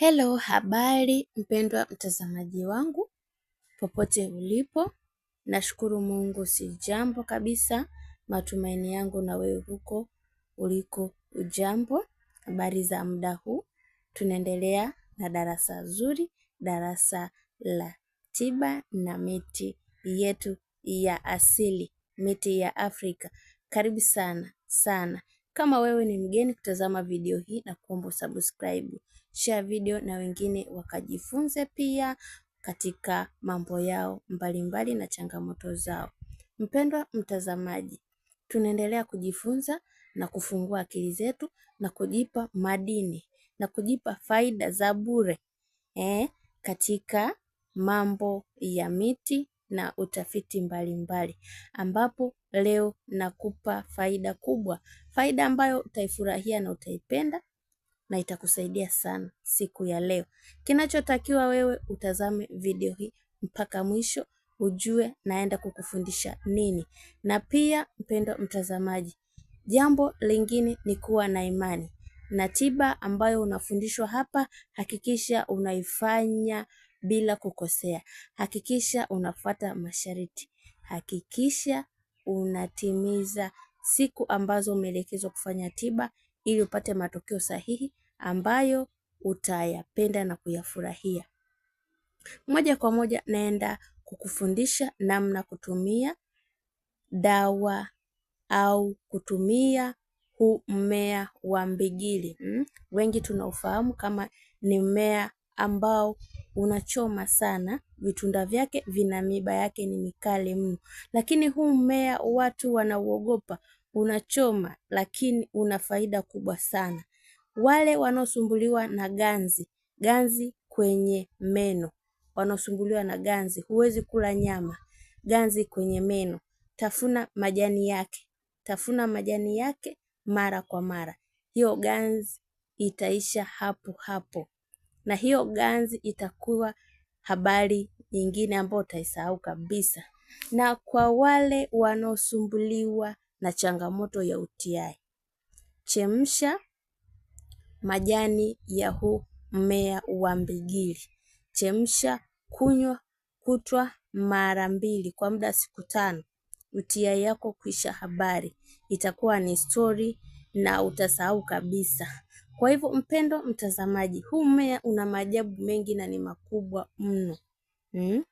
Hello, habari mpendwa mtazamaji wangu popote ulipo, nashukuru Mungu si jambo kabisa. Matumaini yangu na wewe huko uliko ujambo. Habari za muda huu, tunaendelea na darasa zuri, darasa la tiba na miti yetu ya asili, miti ya Afrika. Karibu sana sana. Kama wewe ni mgeni kutazama video hii, na kuomba subscribe, share video na wengine wakajifunze pia katika mambo yao mbalimbali na changamoto zao. Mpendwa mtazamaji, tunaendelea kujifunza na kufungua akili zetu na kujipa madini na kujipa faida za bure eh, katika mambo ya miti na utafiti mbalimbali mbali, ambapo leo nakupa faida kubwa, faida ambayo utaifurahia na utaipenda na itakusaidia sana siku ya leo. Kinachotakiwa wewe utazame video hii mpaka mwisho ujue naenda kukufundisha nini. Na pia mpendwa mtazamaji, jambo lingine ni kuwa na imani na tiba ambayo unafundishwa hapa, hakikisha unaifanya bila kukosea. Hakikisha unafuata masharti. Hakikisha unatimiza siku ambazo umeelekezwa kufanya tiba ili upate matokeo sahihi ambayo utayapenda na kuyafurahia. Moja kwa moja naenda kukufundisha namna kutumia dawa au kutumia huu mmea wa mbigili. Hmm? Wengi tunaufahamu kama ni mmea ambao unachoma sana, vitunda vyake vina miba yake ni mikali mno, lakini huu mmea watu wanauogopa. Unachoma lakini una faida kubwa sana. Wale wanaosumbuliwa na ganzi, ganzi kwenye meno, wanaosumbuliwa na ganzi, huwezi kula nyama, ganzi kwenye meno, tafuna majani yake, tafuna majani yake mara kwa mara, hiyo ganzi itaisha hapo hapo na hiyo ganzi itakuwa habari nyingine ambayo utaisahau kabisa. Na kwa wale wanaosumbuliwa na changamoto ya UTI, chemsha majani ya huu mmea wa mbigili, chemsha kunywa kutwa mara mbili kwa muda siku tano. UTI yako kuisha habari, itakuwa ni stori na utasahau kabisa. Kwa hivyo, mpendwa mtazamaji, huu mmea una maajabu mengi na ni makubwa mno hmm?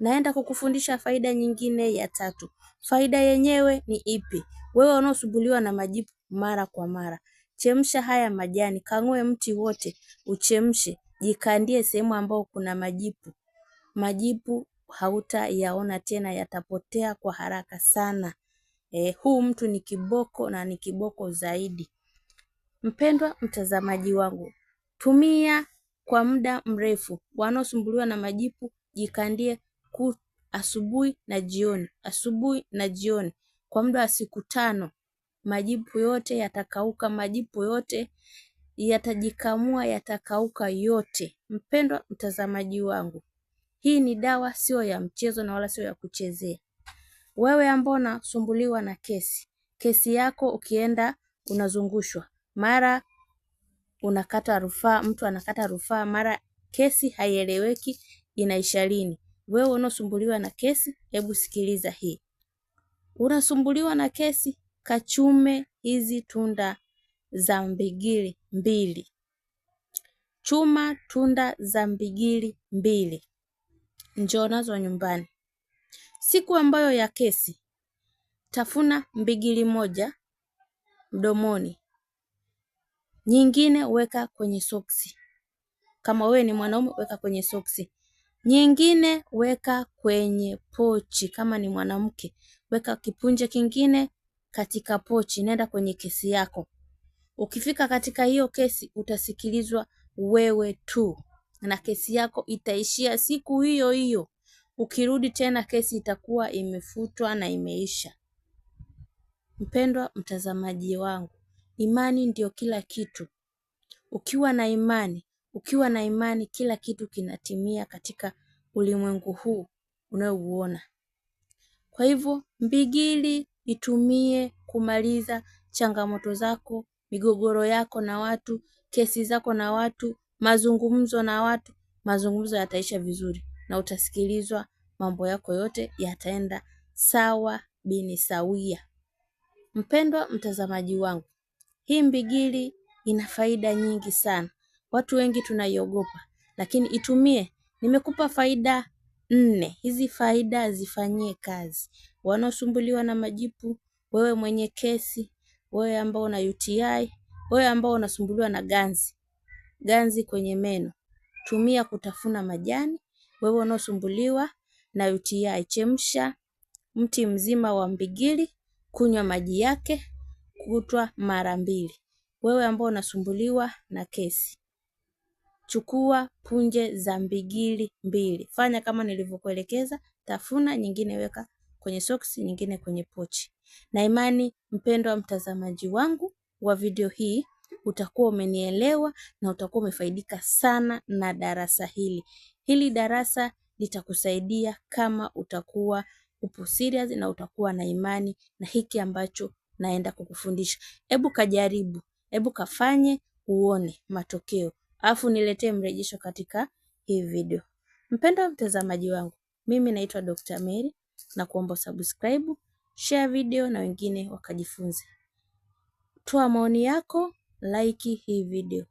Naenda kukufundisha faida nyingine ya tatu. Faida yenyewe ni ipi? Wewe unaosumbuliwa na majipu mara kwa mara, chemsha haya majani, kang'oe mti wote, uchemshe, jikandie sehemu ambayo kuna majipu. Majipu hautayaona tena, yatapotea kwa haraka sana. Eh, huu mtu ni kiboko na ni kiboko zaidi. Mpendwa mtazamaji wangu, tumia kwa muda mrefu. Wanaosumbuliwa na majipu jikandie ku asubuhi na jioni, asubuhi na jioni, kwa muda wa siku tano. Majipu yote yatakauka, majipu yote yatajikamua, yatakauka yote. Mpendwa mtazamaji wangu, hii ni dawa sio ya mchezo na wala sio ya kuchezea. Wewe ambao unasumbuliwa na kesi, kesi yako ukienda unazungushwa mara unakata rufaa, mtu anakata rufaa, mara kesi haieleweki, inaisha lini? Wewe unaosumbuliwa na kesi, hebu sikiliza hii. Unasumbuliwa na kesi, kachume hizi tunda za mbigili mbili. Chuma tunda za mbigili mbili, njoo nazo nyumbani. Siku ambayo ya kesi, tafuna mbigili moja mdomoni, nyingine weka kwenye soksi. Kama wewe ni mwanaume weka kwenye soksi. Nyingine weka kwenye pochi kama ni mwanamke. Weka kipunje kingine katika pochi, nenda kwenye kesi yako. Ukifika katika hiyo kesi utasikilizwa wewe tu na kesi yako itaishia siku hiyo hiyo. Ukirudi tena kesi itakuwa imefutwa na imeisha. Mpendwa mtazamaji wangu, Imani ndio kila kitu. Ukiwa na imani, ukiwa na imani kila kitu kinatimia katika ulimwengu huu unaouona. Kwa hivyo, Mbigili itumie kumaliza changamoto zako, migogoro yako na watu, kesi zako na watu, mazungumzo na watu. Mazungumzo yataisha vizuri na utasikilizwa, mambo yako yote yataenda sawa bini sawia. Mpendwa mtazamaji wangu, hii mbigili ina faida nyingi sana, watu wengi tunaiogopa, lakini itumie. Nimekupa faida nne, hizi faida zifanyie kazi. Wanaosumbuliwa na majipu, wewe mwenye kesi, wewe ambao una UTI, wewe ambao unasumbuliwa na ganzi, ganzi kwenye meno, tumia kutafuna majani. Wewe unaosumbuliwa na UTI, chemsha mti mzima wa mbigili, kunywa maji yake, kukutwa mara mbili. Wewe ambao unasumbuliwa na kesi, chukua punje za mbigili mbili, fanya kama nilivyokuelekeza, tafuna nyingine, weka kwenye soksi, nyingine kwenye pochi. Na imani mpendwa mtazamaji wangu wa video hii utakuwa umenielewa na utakuwa umefaidika sana na darasa hili. Hili darasa litakusaidia kama utakuwa upo serious na utakuwa na imani na hiki ambacho naenda kukufundisha. Hebu kajaribu, hebu kafanye uone matokeo, alafu niletee mrejesho katika hii video. Mpendwa mtazamaji wangu, mimi naitwa Dr. Mary na kuomba subscribe, share video na wengine wakajifunze. Toa maoni yako, like hii video.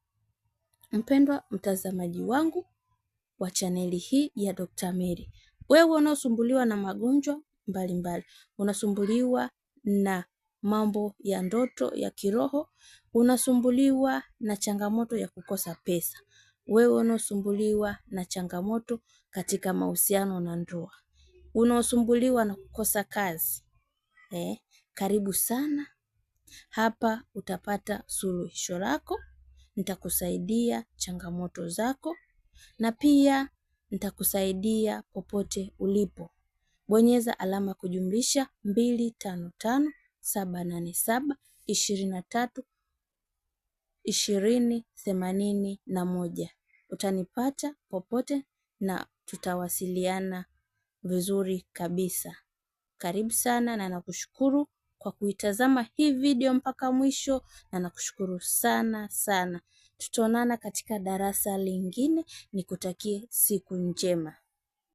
Mpendwa mtazamaji wangu wa chaneli hii ya Dr. Mary, wewe unaosumbuliwa na magonjwa mbalimbali, unasumbuliwa na mambo ya ndoto ya kiroho, unasumbuliwa na changamoto ya kukosa pesa, wewe unaosumbuliwa na changamoto katika mahusiano na ndoa, unaosumbuliwa na kukosa kazi eh, karibu sana hapa, utapata suluhisho lako, nitakusaidia changamoto zako na pia nitakusaidia popote ulipo. Bonyeza alama kujumlisha mbili tano tano saba nane saba ishirini na tatu ishirini themanini na moja. Utanipata popote na tutawasiliana vizuri kabisa. Karibu sana na nakushukuru kwa kuitazama hii video mpaka mwisho, na nakushukuru sana sana. Tutaonana katika darasa lingine, nikutakie siku njema.